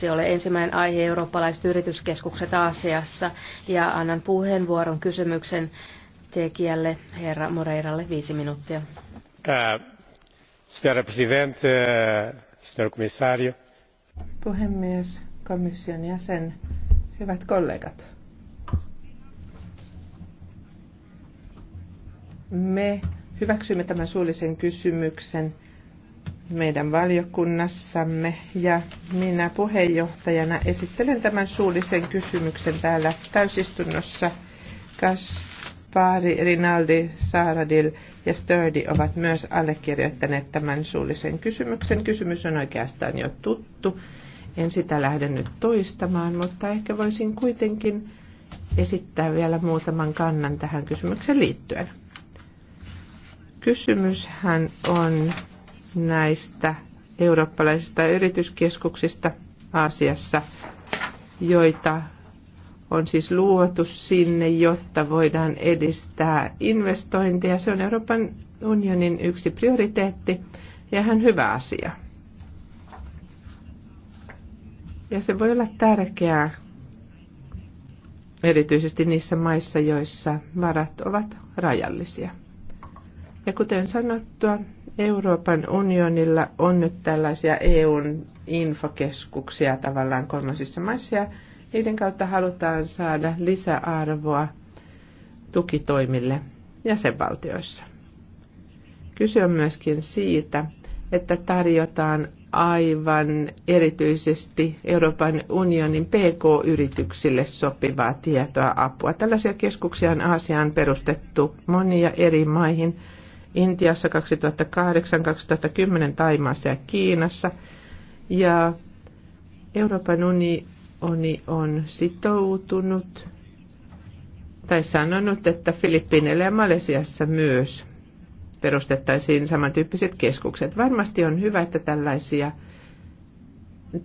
se ole ensimmäinen aihe eurooppalaiset yrityskeskukset Aasiassa ja annan puheenvuoron kysymyksen tekijälle herra Moreiralle viisi minuuttia. Äh, signora Presidente, äh, signor Commissario. Puhemies, komission jäsen, hyvät kollegat. Me hyväksymme tämän suullisen kysymyksen – meidän valiokunnassamme ja minä puheenjohtajana esittelen tämän suullisen kysymyksen täällä täysistunnossa. Kaspari, Rinaldi, Saaradil ja Stördi ovat myös allekirjoittaneet tämän suullisen kysymyksen. Kysymys on oikeastaan jo tuttu. En sitä lähde nyt toistamaan, mutta ehkä voisin kuitenkin esittää vielä muutaman kannan tähän kysymykseen liittyen. Kysymyshän on näistä eurooppalaisista yrityskeskuksista Aasiassa, joita on siis luotu sinne, jotta voidaan edistää investointeja. Se on Euroopan unionin yksi prioriteetti ja ihan hyvä asia. Ja se voi olla tärkeää erityisesti niissä maissa, joissa varat ovat rajallisia. Ja kuten sanottua, Euroopan unionilla on nyt tällaisia EUn infokeskuksia tavallaan kolmansissa maissa ja niiden kautta halutaan saada lisäarvoa tukitoimille jäsenvaltioissa. Kysy on myöskin siitä, että tarjotaan aivan erityisesti Euroopan unionin PK-yrityksille sopivaa tietoa apua. Tällaisia keskuksia on Aasiaan perustettu monia eri maihin – Intiassa 2008-2010, Taimaassa ja Kiinassa. Ja Euroopan unioni on sitoutunut tai sanonut, että Filippiineille ja Malesiassa myös perustettaisiin samantyyppiset keskukset. Varmasti on hyvä, että tällaisia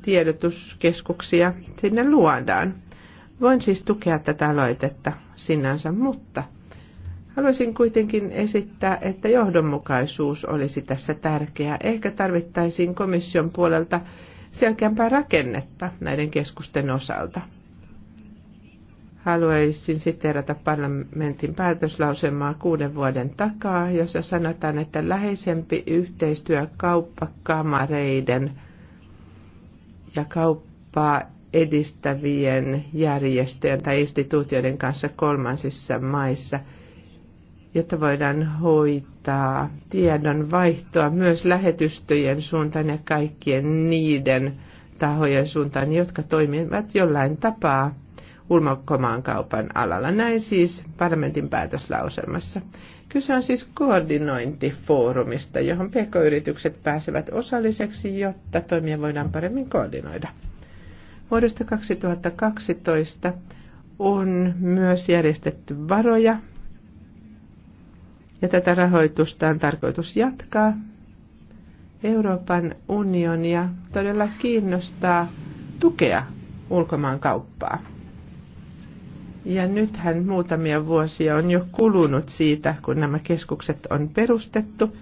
tiedotuskeskuksia sinne luodaan. Voin siis tukea tätä aloitetta sinänsä, mutta – Haluaisin kuitenkin esittää, että johdonmukaisuus olisi tässä tärkeää. Ehkä tarvittaisiin komission puolelta selkeämpää rakennetta näiden keskusten osalta. Haluaisin siteerata parlamentin päätöslausemaa kuuden vuoden takaa, jossa sanotaan, että läheisempi yhteistyö kauppakamareiden ja kauppaa edistävien järjestöjen tai instituutioiden kanssa kolmansissa maissa – jotta voidaan hoitaa tiedon vaihtoa myös lähetystöjen suuntaan ja kaikkien niiden tahojen suuntaan, jotka toimivat jollain tapaa kaupan alalla. Näin siis parlamentin päätöslauselmassa. Kyse on siis koordinointifoorumista, johon pk-yritykset pääsevät osalliseksi, jotta toimia voidaan paremmin koordinoida. Vuodesta 2012 on myös järjestetty varoja ja tätä rahoitusta on tarkoitus jatkaa. Euroopan unionia todella kiinnostaa tukea ulkomaan kauppaa. Ja nythän muutamia vuosia on jo kulunut siitä, kun nämä keskukset on perustettu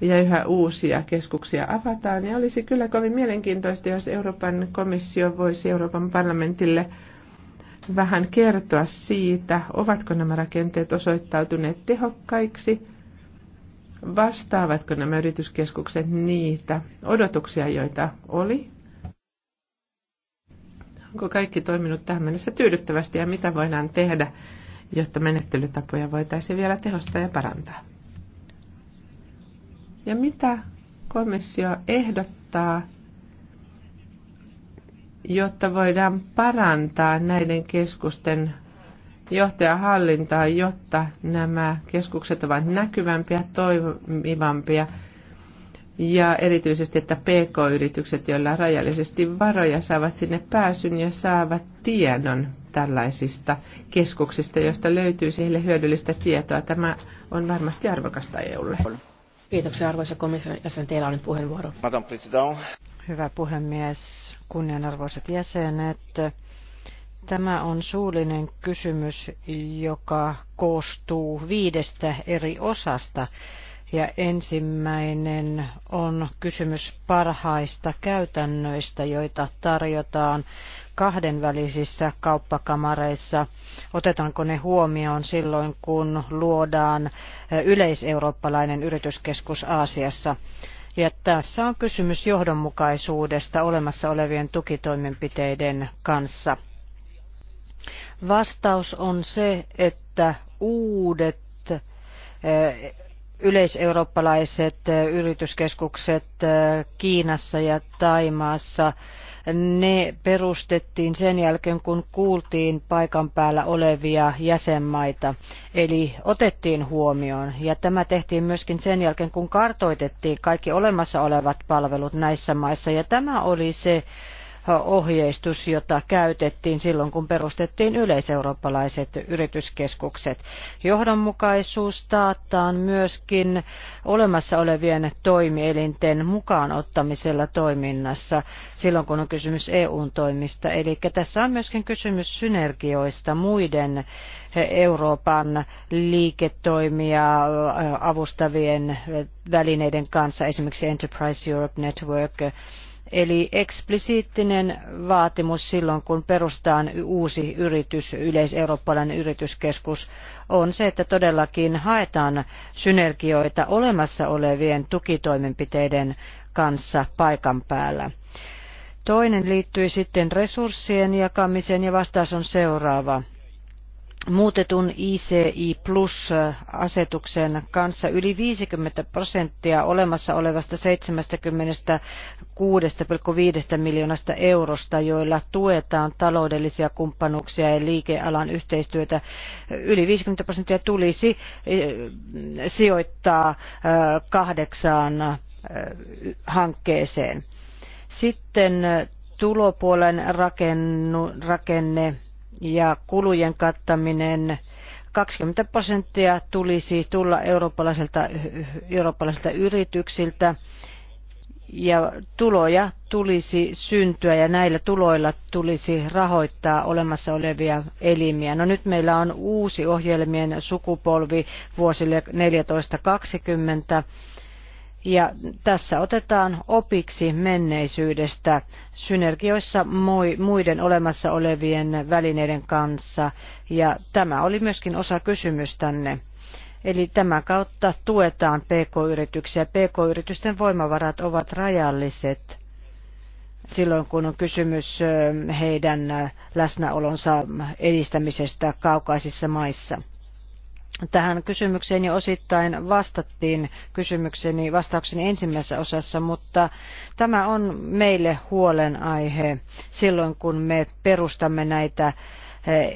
ja yhä uusia keskuksia avataan. Ja olisi kyllä kovin mielenkiintoista, jos Euroopan komissio voisi Euroopan parlamentille – vähän kertoa siitä, ovatko nämä rakenteet osoittautuneet tehokkaiksi, vastaavatko nämä yrityskeskukset niitä odotuksia, joita oli, onko kaikki toiminut tähän mennessä tyydyttävästi ja mitä voidaan tehdä, jotta menettelytapoja voitaisiin vielä tehostaa ja parantaa. Ja mitä komissio ehdottaa jotta voidaan parantaa näiden keskusten johtajahallintaa, jotta nämä keskukset ovat näkyvämpiä, toimivampia ja erityisesti, että PK-yritykset, joilla rajallisesti varoja, saavat sinne pääsyn ja saavat tiedon tällaisista keskuksista, joista löytyy heille hyödyllistä tietoa. Tämä on varmasti arvokasta EUlle. Kiitoksia arvoisa komission jäsen. Teillä on nyt puheenvuoro. Madame President. Hyvä puhemies, kunnianarvoiset jäsenet. Tämä on suullinen kysymys, joka koostuu viidestä eri osasta. Ja ensimmäinen on kysymys parhaista käytännöistä, joita tarjotaan kahdenvälisissä kauppakamareissa. Otetaanko ne huomioon silloin, kun luodaan yleiseurooppalainen yrityskeskus Aasiassa? Ja tässä on kysymys johdonmukaisuudesta olemassa olevien tukitoimenpiteiden kanssa. Vastaus on se, että uudet eh, yleiseurooppalaiset eh, yrityskeskukset eh, Kiinassa ja Taimaassa ne perustettiin sen jälkeen, kun kuultiin paikan päällä olevia jäsenmaita, eli otettiin huomioon. Ja tämä tehtiin myöskin sen jälkeen, kun kartoitettiin kaikki olemassa olevat palvelut näissä maissa, ja tämä oli se ohjeistus, jota käytettiin silloin, kun perustettiin yleiseurooppalaiset yrityskeskukset. Johdonmukaisuus taataan myöskin olemassa olevien toimielinten mukaan ottamisella toiminnassa silloin, kun on kysymys eu toimista. Eli tässä on myöskin kysymys synergioista muiden Euroopan liiketoimia avustavien välineiden kanssa, esimerkiksi Enterprise Europe Network, Eli eksplisiittinen vaatimus silloin, kun perustetaan uusi yritys, yleiseurooppalainen yrityskeskus, on se, että todellakin haetaan synergioita olemassa olevien tukitoimenpiteiden kanssa paikan päällä. Toinen liittyy sitten resurssien jakamiseen ja vastaus on seuraava muutetun ICI Plus-asetuksen äh, kanssa yli 50 prosenttia olemassa olevasta 76,5 miljoonasta eurosta, joilla tuetaan taloudellisia kumppanuuksia ja liikealan yhteistyötä. Yli 50 prosenttia tulisi äh, sijoittaa äh, kahdeksaan hankkeeseen. Sitten tulopuolen rakennu, rakenne ja kulujen kattaminen 20 prosenttia tulisi tulla eurooppalaisilta, eurooppalaisilta yrityksiltä ja tuloja tulisi syntyä ja näillä tuloilla tulisi rahoittaa olemassa olevia elimiä. No nyt meillä on uusi ohjelmien sukupolvi vuosille 1420 ja tässä otetaan opiksi menneisyydestä synergioissa muiden olemassa olevien välineiden kanssa. Ja tämä oli myöskin osa kysymystänne. Eli tämän kautta tuetaan pk-yrityksiä. Pk-yritysten voimavarat ovat rajalliset silloin, kun on kysymys heidän läsnäolonsa edistämisestä kaukaisissa maissa tähän kysymykseen jo osittain vastattiin kysymykseni vastaukseni ensimmäisessä osassa, mutta tämä on meille huolenaihe silloin, kun me perustamme näitä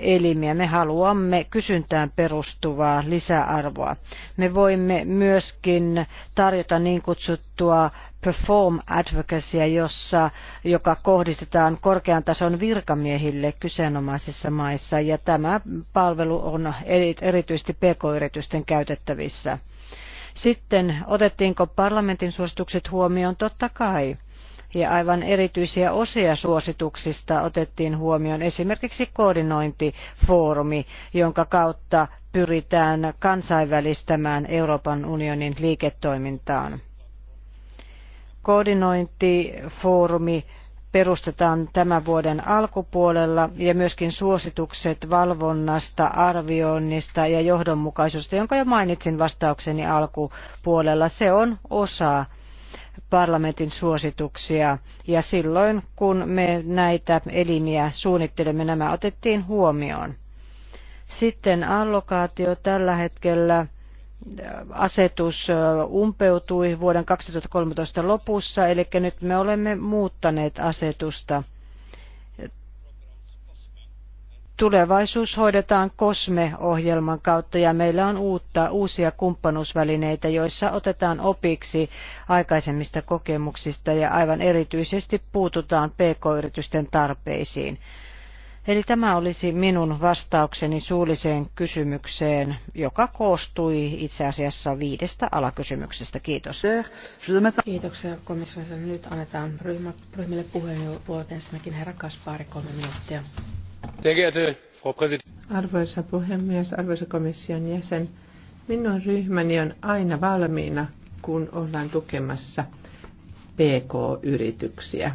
elimiä. Me haluamme kysyntään perustuvaa lisäarvoa. Me voimme myöskin tarjota niin kutsuttua perform advocacyä, jossa, joka kohdistetaan korkean tason virkamiehille kyseenomaisissa maissa, ja tämä palvelu on erityisesti pk-yritysten käytettävissä. Sitten otettiinko parlamentin suositukset huomioon? Totta kai ja aivan erityisiä osia suosituksista otettiin huomioon esimerkiksi koordinointifoorumi, jonka kautta pyritään kansainvälistämään Euroopan unionin liiketoimintaan. Koordinointifoorumi perustetaan tämän vuoden alkupuolella ja myöskin suositukset valvonnasta, arvioinnista ja johdonmukaisuudesta, jonka jo mainitsin vastaukseni alkupuolella. Se on osa parlamentin suosituksia ja silloin kun me näitä elimiä suunnittelemme, nämä otettiin huomioon. Sitten allokaatio tällä hetkellä asetus umpeutui vuoden 2013 lopussa, eli nyt me olemme muuttaneet asetusta. Tulevaisuus hoidetaan COSME-ohjelman kautta ja meillä on uutta, uusia kumppanuusvälineitä, joissa otetaan opiksi aikaisemmista kokemuksista ja aivan erityisesti puututaan pk-yritysten tarpeisiin. Eli tämä olisi minun vastaukseni suulliseen kysymykseen, joka koostui itse asiassa viidestä alakysymyksestä. Kiitos. Kiitoksia komissiossa. Nyt annetaan ryhmä, ryhmille puheenvuorot ensinnäkin herra Kaspari kolme minuuttia. Arvoisa puhemies, arvoisa komission jäsen, minun ryhmäni on aina valmiina, kun ollaan tukemassa PK-yrityksiä.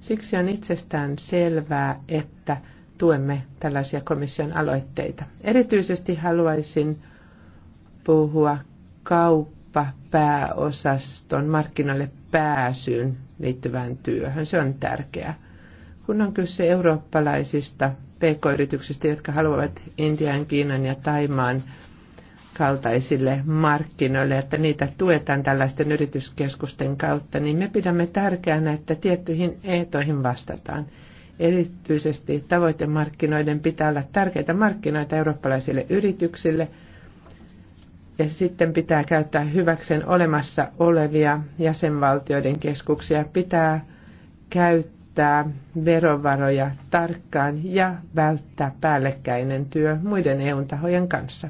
Siksi on itsestään selvää, että tuemme tällaisia komission aloitteita. Erityisesti haluaisin puhua kauppapääosaston markkinoille pääsyyn liittyvään työhön. Se on tärkeää kun on kyse eurooppalaisista pk-yrityksistä, jotka haluavat Intian, Kiinan ja Taimaan kaltaisille markkinoille, että niitä tuetaan tällaisten yrityskeskusten kautta, niin me pidämme tärkeänä, että tiettyihin ehtoihin vastataan. Erityisesti tavoitemarkkinoiden pitää olla tärkeitä markkinoita eurooppalaisille yrityksille, ja sitten pitää käyttää hyväkseen olemassa olevia jäsenvaltioiden keskuksia, pitää käyttää käyttää verovaroja tarkkaan ja välttää päällekkäinen työ muiden EU-tahojen kanssa.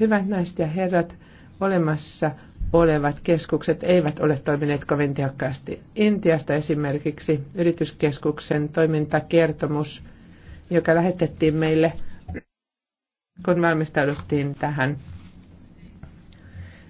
Hyvät naiset ja herrat, olemassa olevat keskukset eivät ole toimineet kovin tehokkaasti. Intiasta esimerkiksi yrityskeskuksen toimintakertomus, joka lähetettiin meille, kun valmistauduttiin tähän,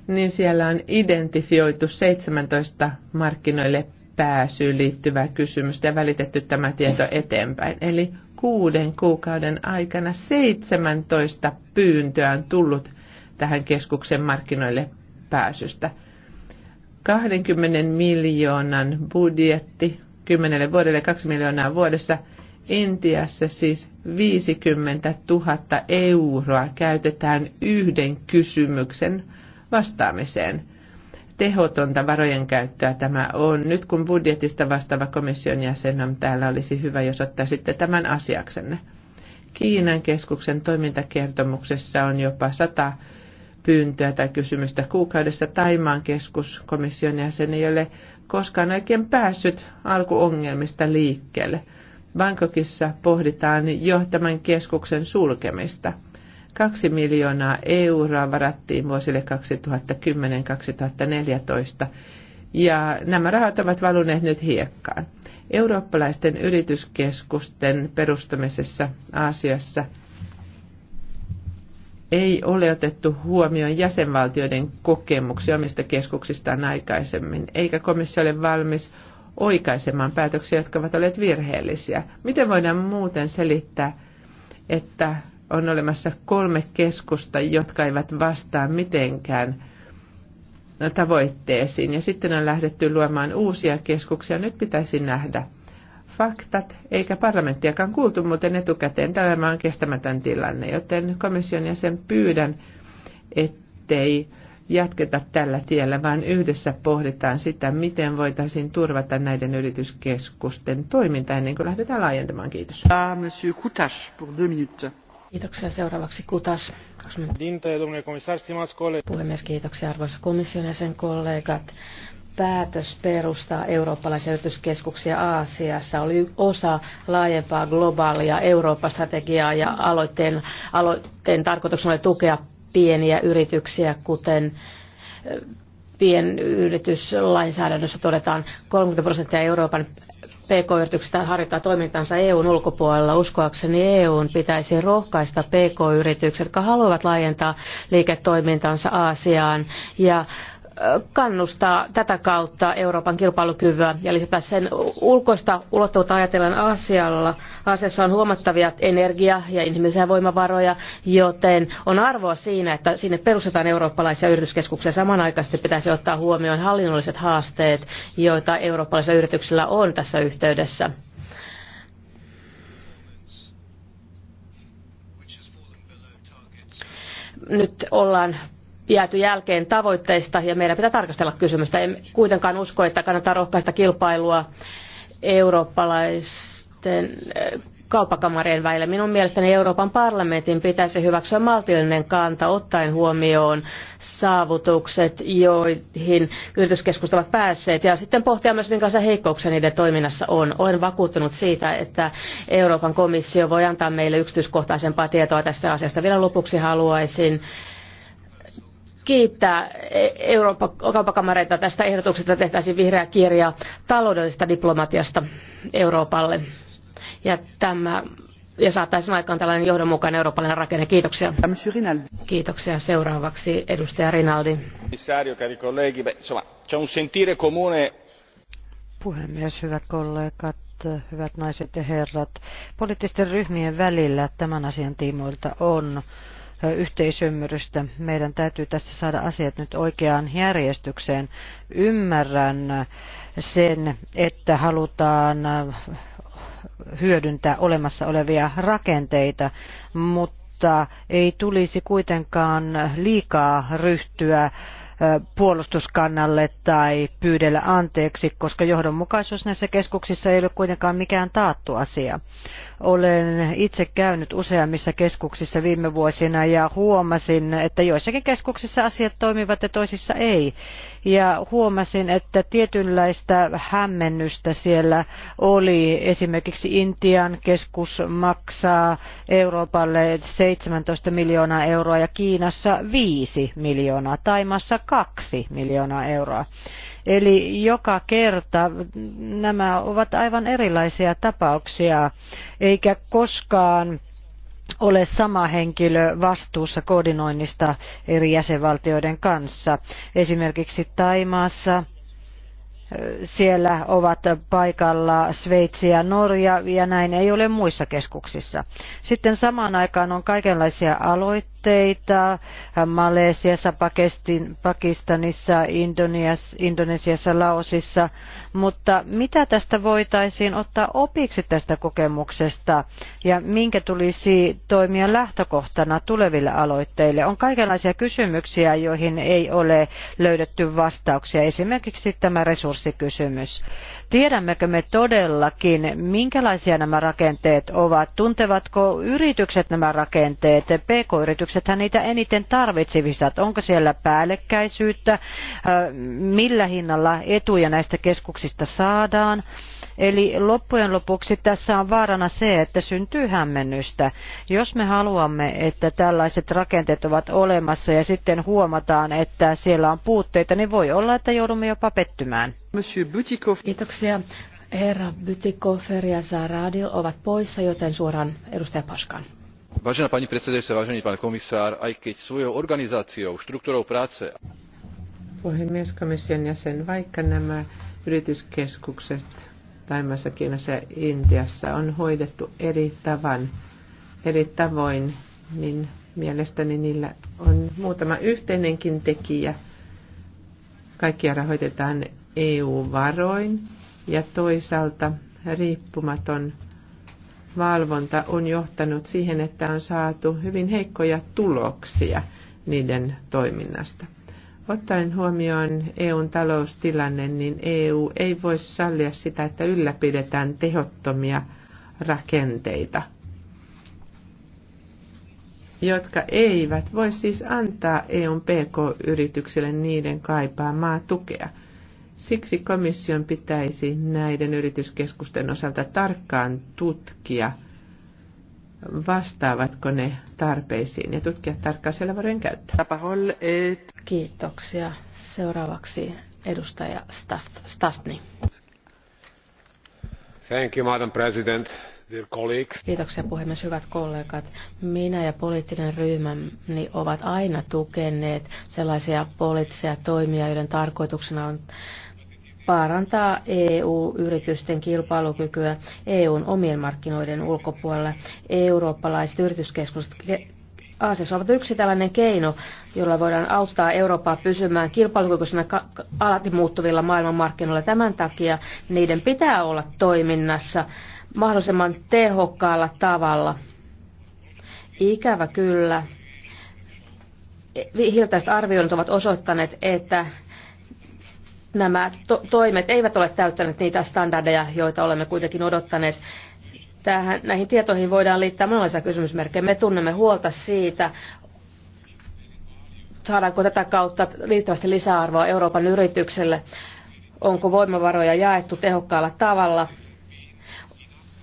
niin siellä on identifioitu 17 markkinoille pääsyyn liittyvää kysymystä ja välitetty tämä tieto eteenpäin. Eli kuuden kuukauden aikana 17 pyyntöä on tullut tähän keskuksen markkinoille pääsystä. 20 miljoonan budjetti 10 vuodelle 2 miljoonaa vuodessa. Intiassa siis 50 000 euroa käytetään yhden kysymyksen vastaamiseen – tehotonta varojen käyttöä tämä on. Nyt kun budjetista vastaava komission jäsen on täällä, olisi hyvä, jos ottaisitte tämän asiaksenne. Kiinan keskuksen toimintakertomuksessa on jopa sata pyyntöä tai kysymystä kuukaudessa. Taimaan keskus komission jäsen ei ole koskaan oikein päässyt alkuongelmista liikkeelle. Bangkokissa pohditaan jo tämän keskuksen sulkemista – 2 miljoonaa euroa varattiin vuosille 2010-2014 ja nämä rahat ovat valuneet nyt hiekkaan. Eurooppalaisten yrityskeskusten perustamisessa Aasiassa ei ole otettu huomioon jäsenvaltioiden kokemuksia omista keskuksistaan aikaisemmin, eikä komissio ole valmis oikaisemaan päätöksiä, jotka ovat olleet virheellisiä. Miten voidaan muuten selittää, että on olemassa kolme keskusta, jotka eivät vastaa mitenkään tavoitteisiin. Ja sitten on lähdetty luomaan uusia keskuksia. Nyt pitäisi nähdä faktat, eikä parlamenttiakaan kuultu muuten etukäteen. Tämä on kestämätön tilanne, joten komission jäsen pyydän, ettei jatketa tällä tiellä, vaan yhdessä pohditaan sitä, miten voitaisiin turvata näiden yrityskeskusten toiminta ennen kuin lähdetään laajentamaan. Kiitos. Ah, Kiitoksia. Seuraavaksi Kutas. Puhemies, kiitoksia arvoisa komission ja sen kollegat. Päätös perustaa eurooppalaisia yrityskeskuksia Aasiassa oli osa laajempaa globaalia Eurooppa-strategiaa ja aloitteen, aloitteen tarkoituksena oli tukea pieniä yrityksiä, kuten eh, pienyrityslainsäädännössä todetaan 30 prosenttia Euroopan PK-yrityksistä harjoittaa toimintansa EUn ulkopuolella. Uskoakseni EUn pitäisi rohkaista pk yritykset jotka haluavat laajentaa liiketoimintansa Aasiaan ja kannustaa tätä kautta Euroopan kilpailukyvyä ja lisätä sen ulkoista ulottuvuutta ajatellen asialla. Asiassa on huomattavia energia- ja inhimillisiä voimavaroja, joten on arvoa siinä, että sinne perustetaan eurooppalaisia yrityskeskuksia. Samanaikaisesti pitäisi ottaa huomioon hallinnolliset haasteet, joita eurooppalaisilla yrityksillä on tässä yhteydessä. Nyt ollaan jääty jälkeen tavoitteista ja meidän pitää tarkastella kysymystä. En kuitenkaan usko, että kannattaa rohkaista kilpailua eurooppalaisten eh, kauppakamarien väille. Minun mielestäni Euroopan parlamentin pitäisi hyväksyä maltillinen kanta ottaen huomioon saavutukset, joihin yrityskeskukset ovat päässeet, ja sitten pohtia myös, minkälaisia heikkouksia niiden toiminnassa on. Olen vakuuttunut siitä, että Euroopan komissio voi antaa meille yksityiskohtaisempaa tietoa tästä asiasta. Vielä lopuksi haluaisin kiittää e- Euroopan kauppakamareita tästä ehdotuksesta, että tehtäisiin vihreä kirja taloudellisesta diplomatiasta Euroopalle. Ja tämä ja saataisiin aikaan tällainen johdonmukainen eurooppalainen rakenne. Kiitoksia. Kiitoksia. Seuraavaksi edustaja Rinaldi. Puhemies, hyvät kollegat, hyvät naiset ja herrat. Poliittisten ryhmien välillä tämän asian tiimoilta on yhteisymmärrystä. Meidän täytyy tässä saada asiat nyt oikeaan järjestykseen. Ymmärrän sen, että halutaan hyödyntää olemassa olevia rakenteita, mutta ei tulisi kuitenkaan liikaa ryhtyä puolustuskannalle tai pyydellä anteeksi, koska johdonmukaisuus näissä keskuksissa ei ole kuitenkaan mikään taattu asia. Olen itse käynyt useammissa keskuksissa viime vuosina ja huomasin, että joissakin keskuksissa asiat toimivat ja toisissa ei. Ja huomasin, että tietynlaista hämmennystä siellä oli. Esimerkiksi Intian keskus maksaa Euroopalle 17 miljoonaa euroa ja Kiinassa 5 miljoonaa, Taimassa 2 miljoonaa euroa. Eli joka kerta nämä ovat aivan erilaisia tapauksia, eikä koskaan ole sama henkilö vastuussa koordinoinnista eri jäsenvaltioiden kanssa. Esimerkiksi Taimaassa siellä ovat paikalla Sveitsi ja Norja ja näin ei ole muissa keskuksissa. Sitten samaan aikaan on kaikenlaisia aloitteita aloitteita äh, Malesiassa, Pakistanissa, Indonesiassa, Laosissa, mutta mitä tästä voitaisiin ottaa opiksi tästä kokemuksesta ja minkä tulisi toimia lähtökohtana tuleville aloitteille? On kaikenlaisia kysymyksiä, joihin ei ole löydetty vastauksia, esimerkiksi tämä resurssikysymys. Tiedämmekö me todellakin, minkälaisia nämä rakenteet ovat? Tuntevatko yritykset nämä rakenteet? PK-yrityksethän niitä eniten tarvitsevat. Onko siellä päällekkäisyyttä? Millä hinnalla etuja näistä keskuksista saadaan? Eli loppujen lopuksi tässä on vaarana se, että syntyy hämmennystä. Jos me haluamme, että tällaiset rakenteet ovat olemassa ja sitten huomataan, että siellä on puutteita, niin voi olla, että joudumme jopa pettymään. Kiitoksia. Herra Bytikofer ja Zaradil ovat poissa, joten suoraan edustaja Paskan. Vážená pani predsedajúca, vážený pán komisár, aj keď svojou organizáciou, štruktúrou práce... Puhemies komission jäsen, vaikka nämä yrityskeskukset Taimassa, Kiinassa ja Intiassa on hoidettu eri, tavan, eri tavoin, niin mielestäni niillä on muutama yhteinenkin tekijä. Kaikkia rahoitetaan EU-varoin ja toisaalta riippumaton valvonta on johtanut siihen, että on saatu hyvin heikkoja tuloksia niiden toiminnasta. Ottaen huomioon EUn taloustilanne, niin EU ei voi sallia sitä, että ylläpidetään tehottomia rakenteita, jotka eivät voi siis antaa EUn pk-yrityksille niiden kaipaamaa tukea – Siksi komission pitäisi näiden yrityskeskusten osalta tarkkaan tutkia, vastaavatko ne tarpeisiin ja tutkia tarkkaan siellä varojen käyttöä. Kiitoksia. Seuraavaksi edustaja Stastny. Stastni. Thank you, Madam President. Kiitoksia puhemies, hyvät kollegat. Minä ja poliittinen ryhmäni ovat aina tukeneet sellaisia poliittisia toimia, joiden tarkoituksena on parantaa EU-yritysten kilpailukykyä EUn omien markkinoiden ulkopuolella Eurooppalaiset yrityskeskukset Aasiassa ovat yksi tällainen keino, jolla voidaan auttaa Eurooppaa pysymään kilpailukykyisenä alati muuttuvilla maailmanmarkkinoilla. Tämän takia niiden pitää olla toiminnassa mahdollisimman tehokkaalla tavalla. Ikävä kyllä. E, Hiltaiset arvioinnit ovat osoittaneet, että nämä to- toimet eivät ole täyttäneet niitä standardeja, joita olemme kuitenkin odottaneet. Tähän, näihin tietoihin voidaan liittää monenlaisia kysymysmerkkejä. Me tunnemme huolta siitä, saadaanko tätä kautta riittävästi lisäarvoa Euroopan yritykselle, onko voimavaroja jaettu tehokkaalla tavalla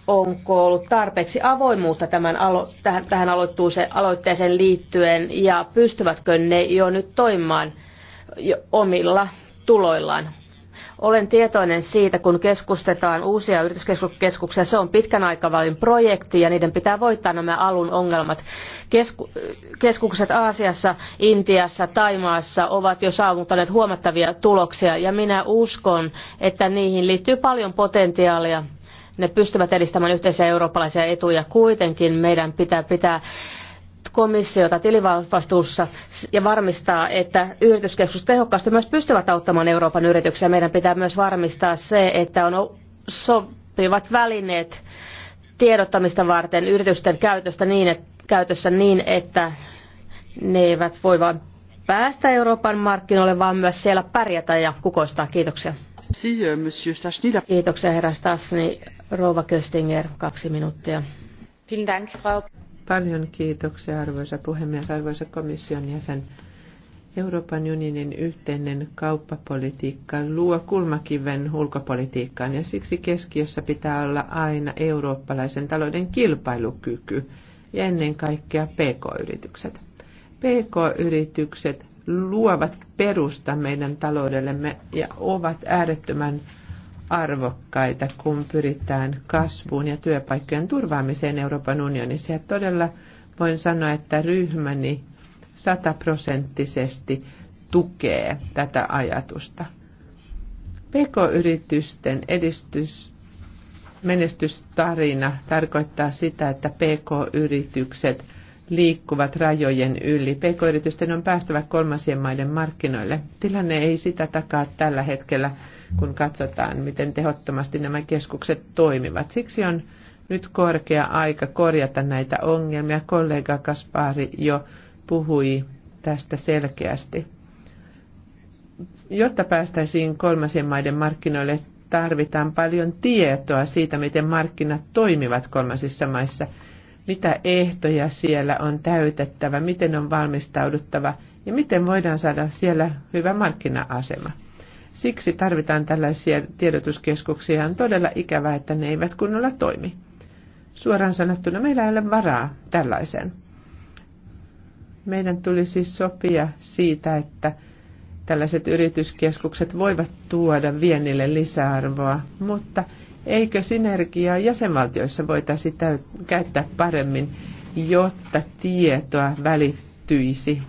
onko ollut tarpeeksi avoimuutta tämän alo- tähän, tähän aloitteeseen liittyen ja pystyvätkö ne jo nyt toimimaan jo omilla tuloillaan. Olen tietoinen siitä, kun keskustetaan uusia yrityskeskuksia, se on pitkän aikavälin projekti ja niiden pitää voittaa nämä alun ongelmat. Kesku- keskukset Aasiassa, Intiassa, Taimaassa ovat jo saavuttaneet huomattavia tuloksia ja minä uskon, että niihin liittyy paljon potentiaalia ne pystyvät edistämään yhteisiä eurooppalaisia etuja. Kuitenkin meidän pitää pitää komissiota tilivastuussa ja varmistaa, että yrityskeskus tehokkaasti myös pystyvät auttamaan Euroopan yrityksiä. Meidän pitää myös varmistaa se, että on sopivat välineet tiedottamista varten yritysten käytöstä niin, että, käytössä niin, että ne eivät voi vain päästä Euroopan markkinoille, vaan myös siellä pärjätä ja kukoistaa. Kiitoksia. Euh, Kiitoksia herra Stassni. Rouva Köstinger, kaksi minuuttia. Paljon kiitoksia, arvoisa puhemies, arvoisa komission jäsen. Euroopan unionin yhteinen kauppapolitiikka luo kulmakiven ulkopolitiikkaan ja siksi keskiössä pitää olla aina eurooppalaisen talouden kilpailukyky ja ennen kaikkea pk-yritykset. PK-yritykset luovat perusta meidän taloudellemme ja ovat äärettömän arvokkaita, kun pyritään kasvuun ja työpaikkojen turvaamiseen Euroopan unionissa. Ja todella voin sanoa, että ryhmäni sataprosenttisesti tukee tätä ajatusta. PK-yritysten edistys, menestystarina tarkoittaa sitä, että PK-yritykset liikkuvat rajojen yli. PK-yritysten on päästävä kolmansien maiden markkinoille. Tilanne ei sitä takaa tällä hetkellä kun katsotaan, miten tehottomasti nämä keskukset toimivat. Siksi on nyt korkea aika korjata näitä ongelmia. Kollega Kaspari jo puhui tästä selkeästi. Jotta päästäisiin kolmasien maiden markkinoille, tarvitaan paljon tietoa siitä, miten markkinat toimivat kolmasissa maissa, mitä ehtoja siellä on täytettävä, miten on valmistauduttava ja miten voidaan saada siellä hyvä markkina-asema. Siksi tarvitaan tällaisia tiedotuskeskuksia. On todella ikävää, että ne eivät kunnolla toimi. Suoraan sanottuna meillä ei ole varaa tällaiseen. Meidän tulisi sopia siitä, että tällaiset yrityskeskukset voivat tuoda viennille lisäarvoa, mutta eikö synergiaa jäsenvaltioissa voitaisiin käyttää paremmin, jotta tietoa välittyisi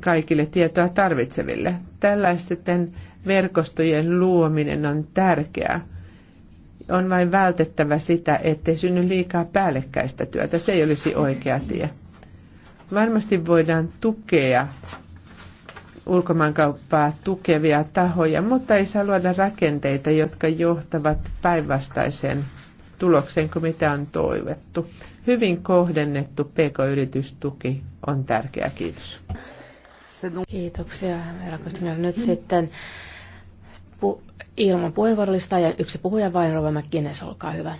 kaikille tietoa tarvitseville. Tällaisten verkostojen luominen on tärkeää. On vain vältettävä sitä, ettei synny liikaa päällekkäistä työtä. Se ei olisi oikea tie. Varmasti voidaan tukea ulkomaankauppaa tukevia tahoja, mutta ei saa luoda rakenteita, jotka johtavat päinvastaiseen tulokseen kuin mitä on toivettu. Hyvin kohdennettu pk-yritystuki on tärkeä. Kiitos. Kiitoksia, herra Nyt sitten pu- ilman puheenvuorolista ja yksi puhuja vain, Rova McGuinness, olkaa hyvä.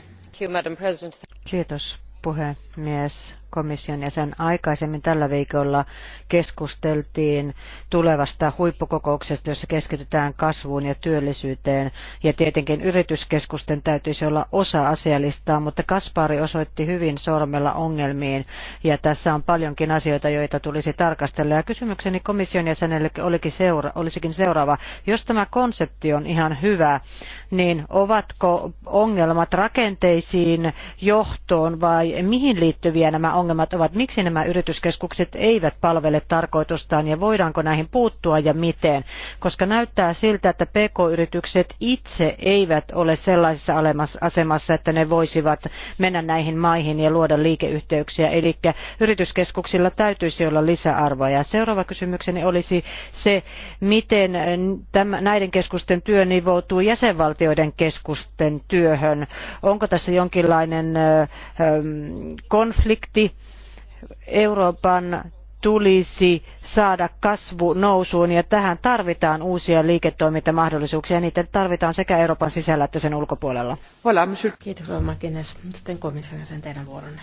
Kiitos, puhemies komission jäsen aikaisemmin tällä viikolla keskusteltiin tulevasta huippukokouksesta, jossa keskitytään kasvuun ja työllisyyteen. Ja tietenkin yrityskeskusten täytyisi olla osa asialistaa, mutta Kaspari osoitti hyvin sormella ongelmiin. Ja tässä on paljonkin asioita, joita tulisi tarkastella. Ja kysymykseni komission jäsenelle olikin seura- olisikin seuraava. Jos tämä konsepti on ihan hyvä, niin ovatko ongelmat rakenteisiin, johtoon vai mihin liittyviä nämä ongelmat ovat, miksi nämä yrityskeskukset eivät palvele tarkoitustaan ja voidaanko näihin puuttua ja miten, koska näyttää siltä, että pk-yritykset itse eivät ole sellaisessa asemassa, että ne voisivat mennä näihin maihin ja luoda liikeyhteyksiä, eli yrityskeskuksilla täytyisi olla lisäarvoa. Ja seuraava kysymykseni olisi se, miten näiden keskusten työ nivoutuu jäsenvaltioiden keskusten työhön. Onko tässä jonkinlainen konflikti Euroopan tulisi saada kasvu nousuun ja tähän tarvitaan uusia liiketoimintamahdollisuuksia ja niitä tarvitaan sekä Euroopan sisällä että sen ulkopuolella. Kiitos Roma Kines. Sitten komissaari sen teidän vuoronne.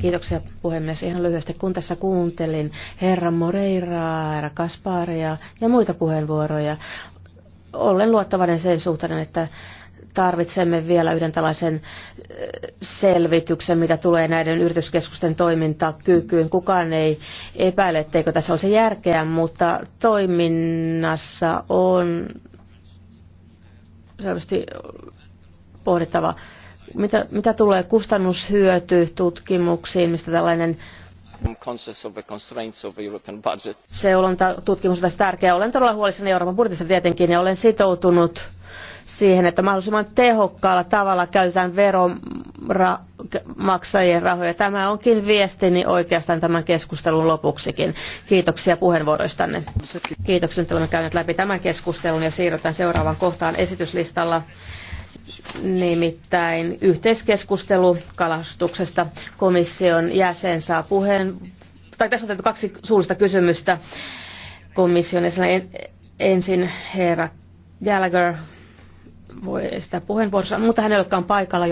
Kiitoksia puhemies. Ihan lyhyesti, kun tässä kuuntelin herra Moreiraa, herra Kasparia ja muita puheenvuoroja, olen luottavainen sen suhteen, että tarvitsemme vielä yhden tällaisen selvityksen, mitä tulee näiden yrityskeskusten toimintakykyyn. Kukaan ei epäile, etteikö tässä olisi järkeä, mutta toiminnassa on selvästi pohdittava, mitä, mitä tulee kustannushyöty tutkimuksiin, mistä tällainen se on tutkimus tässä tärkeä. Olen todella huolissani Euroopan budjetista tietenkin ja olen sitoutunut siihen, että mahdollisimman tehokkaalla tavalla käytetään veronmaksajien rahoja. Tämä onkin viestini oikeastaan tämän keskustelun lopuksikin. Kiitoksia puheenvuoroistanne. Kiitoksia, että olemme käyneet läpi tämän keskustelun ja siirrytään seuraavaan kohtaan esityslistalla nimittäin yhteiskeskustelu kalastuksesta. Komission jäsen saa puheen, tai tässä on tehty kaksi suurista kysymystä komission jäsen. Ensin herra Gallagher voi esittää puheenvuorossa, mutta hän ei olekaan paikalla,